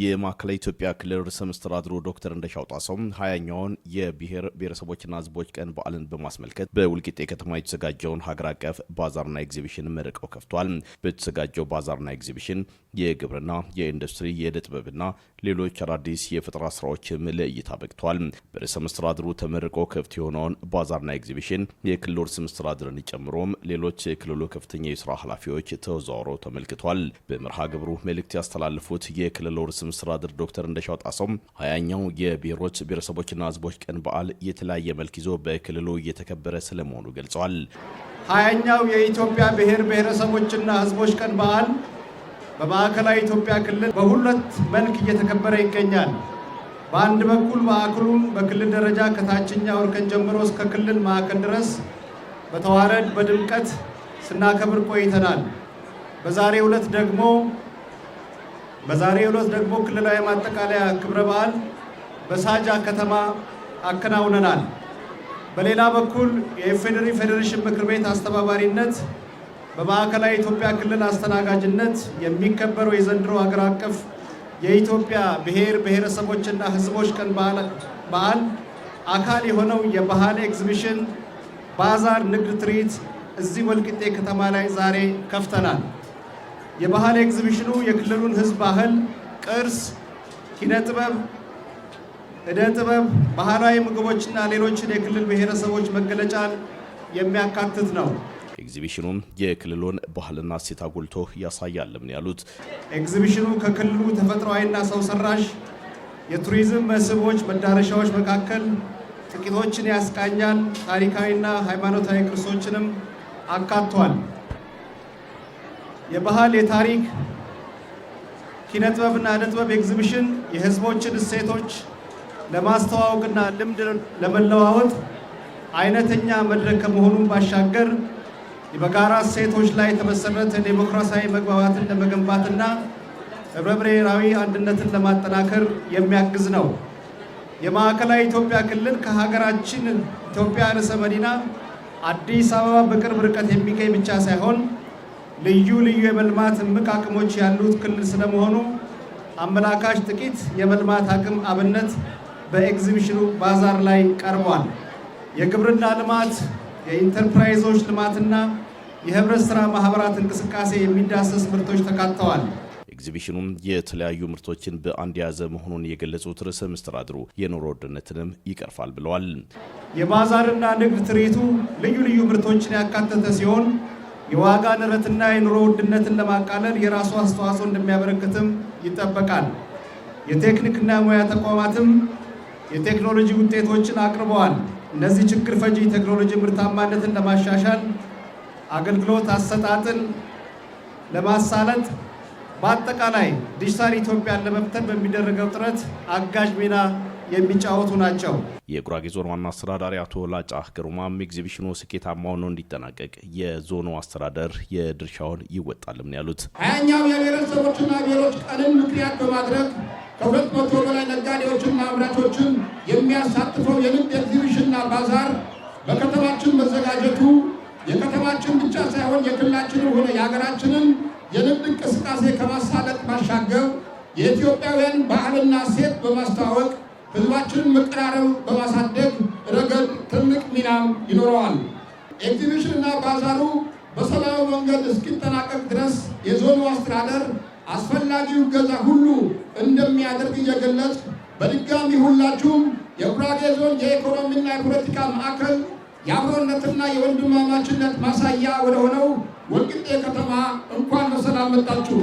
የማዕከላዊ ኢትዮጵያ ክልል ርዕሰ መስተዳድሩ ዶክተር እንደሻው ጣሰው ሀያኛውን የብሔር ብሔረሰቦችና ሕዝቦች ቀን በዓልን በማስመልከት በውልቂጤ ከተማ የተዘጋጀውን ሀገር አቀፍ ባዛርና ኤግዚቢሽን መርቀው ከፍቷል። በተዘጋጀው ባዛርና ኤግዚቢሽን የግብርና፣ የኢንዱስትሪ፣ የእደ ጥበብና ሌሎች አዳዲስ የፈጠራ ስራዎችም ለእይታ በቅቷል። በርዕሰ መስተዳድሩ ተመርቆ ክፍት የሆነውን ባዛርና ኤግዚቢሽን የክልሉ ርዕሰ መስተዳድርን ጨምሮም ሌሎች የክልሉ ከፍተኛ የስራ ኃላፊዎች ተዘዋውረው ተመልክቷል። በመርሃ ግብሩ መልእክት ያስተላለፉት የክልሉ ስራ ምሥራድር ዶክተር እንደሻው ጣሰውም ሀያኛው የብሔሮች ብሔረሰቦችና ሕዝቦች ቀን በዓል የተለያየ መልክ ይዞ በክልሉ እየተከበረ ስለመሆኑ ገልጸዋል። ሀያኛው የኢትዮጵያ ብሔር ብሔረሰቦችና ሕዝቦች ቀን በዓል በማዕከላዊ ኢትዮጵያ ክልል በሁለት መልክ እየተከበረ ይገኛል። በአንድ በኩል ማዕከሉን በክልል ደረጃ ከታችኛው እርከን ጀምሮ እስከ ክልል ማዕከል ድረስ በተዋረድ በድምቀት ስናከብር ቆይተናል። በዛሬ ዕለት ደግሞ በዛሬ ዕለት ደግሞ ክልላዊ ማጠቃለያ ክብረ በዓል በሳጃ ከተማ አከናውነናል። በሌላ በኩል የኢፌዴሪ ፌዴሬሽን ምክር ቤት አስተባባሪነት በማዕከላዊ ኢትዮጵያ ክልል አስተናጋጅነት የሚከበረው የዘንድሮ ሀገር አቀፍ የኢትዮጵያ ብሔር ብሔረሰቦችና ሕዝቦች ቀን በዓል አካል የሆነው የባህል ኤግዚቢሽን ባዛር ንግድ ትርኢት እዚህ ወልቂጤ ከተማ ላይ ዛሬ ከፍተናል። የባህል ኤግዚቢሽኑ የክልሉን ህዝብ ባህል፣ ቅርስ፣ ኪነ ጥበብ፣ እደ ጥበብ፣ ባህላዊ ምግቦችና ሌሎችን የክልል ብሔረሰቦች መገለጫን የሚያካትት ነው። ኤግዚቢሽኑም የክልሉን ባህልና እሴት አጉልቶ ያሳያልም ያሉት። ኤግዚቢሽኑ ከክልሉ ተፈጥሯዊና ሰው ሰራሽ የቱሪዝም መስህቦች መዳረሻዎች መካከል ጥቂቶችን ያስቃኛል። ታሪካዊና ሃይማኖታዊ ቅርሶችንም አካቷል። የባህል የታሪክ ኪነጥበብና ጥበብና ጥበብ ኤግዚቢሽን የህዝቦችን እሴቶች ለማስተዋወቅና ልምድ ለመለዋወጥ አይነተኛ መድረክ ከመሆኑን ባሻገር በጋራ እሴቶች ላይ የተመሰረተ ዴሞክራሲያዊ መግባባትን ለመገንባትና ህብረ ብሔራዊ አንድነትን ለማጠናከር የሚያግዝ ነው። የማዕከላዊ ኢትዮጵያ ክልል ከሀገራችን ኢትዮጵያ ርዕሰ መዲና አዲስ አበባ በቅርብ ርቀት የሚገኝ ብቻ ሳይሆን ልዩ ልዩ የመልማት እምቅ አቅሞች ያሉት ክልል ስለመሆኑ አመላካች ጥቂት የመልማት አቅም አብነት በኤግዚቢሽኑ ባዛር ላይ ቀርቧል። የግብርና ልማት፣ የኢንተርፕራይዞች ልማትና የህብረት ሥራ ማህበራት እንቅስቃሴ የሚዳሰስ ምርቶች ተካተዋል። ኤግዚቢሽኑም የተለያዩ ምርቶችን በአንድ የያዘ መሆኑን የገለጹት ርዕሰ መስተዳድሩ የኑሮ ውድነትንም ይቀርፋል ብለዋል። የባዛርና ንግድ ትርኢቱ ልዩ ልዩ ምርቶችን ያካተተ ሲሆን የዋጋ ንረትና የኑሮ ውድነትን ለማቃለል የራሱ አስተዋጽኦ እንደሚያበረክትም ይጠበቃል። የቴክኒክና ሙያ ተቋማትም የቴክኖሎጂ ውጤቶችን አቅርበዋል። እነዚህ ችግር ፈጂ ቴክኖሎጂ ምርታማነትን ለማሻሻል፣ አገልግሎት አሰጣጥን ለማሳለጥ፣ በአጠቃላይ ዲጂታል ኢትዮጵያን ለመፍተን በሚደረገው ጥረት አጋዥ ሚና የሚጫወቱ ናቸው። የጉራጌ ዞን ዋና አስተዳዳሪ አቶ ላጫ ግርማም ኤግዚቢሽኑ ስኬታማ ሆኖ እንዲጠናቀቅ የዞኑ አስተዳደር የድርሻውን ይወጣልም ያሉት ሀያኛው የብሔረሰቦችና ብሔሮች ቀንን ምክንያት በማድረግ ከሁለት መቶ በላይ ነጋዴዎችና አምራቾችን የሚያሳትፈው የንግድ ኤግዚቢሽንና ባዛር በከተማችን መዘጋጀቱ የከተማችን ብቻ ሳይሆን የክልላችን ሆነ የሀገራችንን የንግድ እንቅስቃሴ ከማሳለጥ ባሻገር የኢትዮጵያውያን ባህልና ሴት በማስተዋወቅ ህዝባችንን መቀራረብ በማሳደግ ረገድ ትልቅ ሚናም ይኖረዋል። ኤግዚቢሽን እና ባዛሩ በሰላማዊ መንገድ እስኪጠናቀቅ ድረስ የዞኑ አስተዳደር አስፈላጊው ገዛ ሁሉ እንደሚያደርግ እየገለጽ በድጋሚ ሁላችሁም የጉራጌ ዞን የኢኮኖሚና የፖለቲካ ማዕከል የአብሮነትና የወንድማማችነት ማሳያ ሆነው ወልቂጤ ከተማ እንኳን በሰላም መጣችሁ።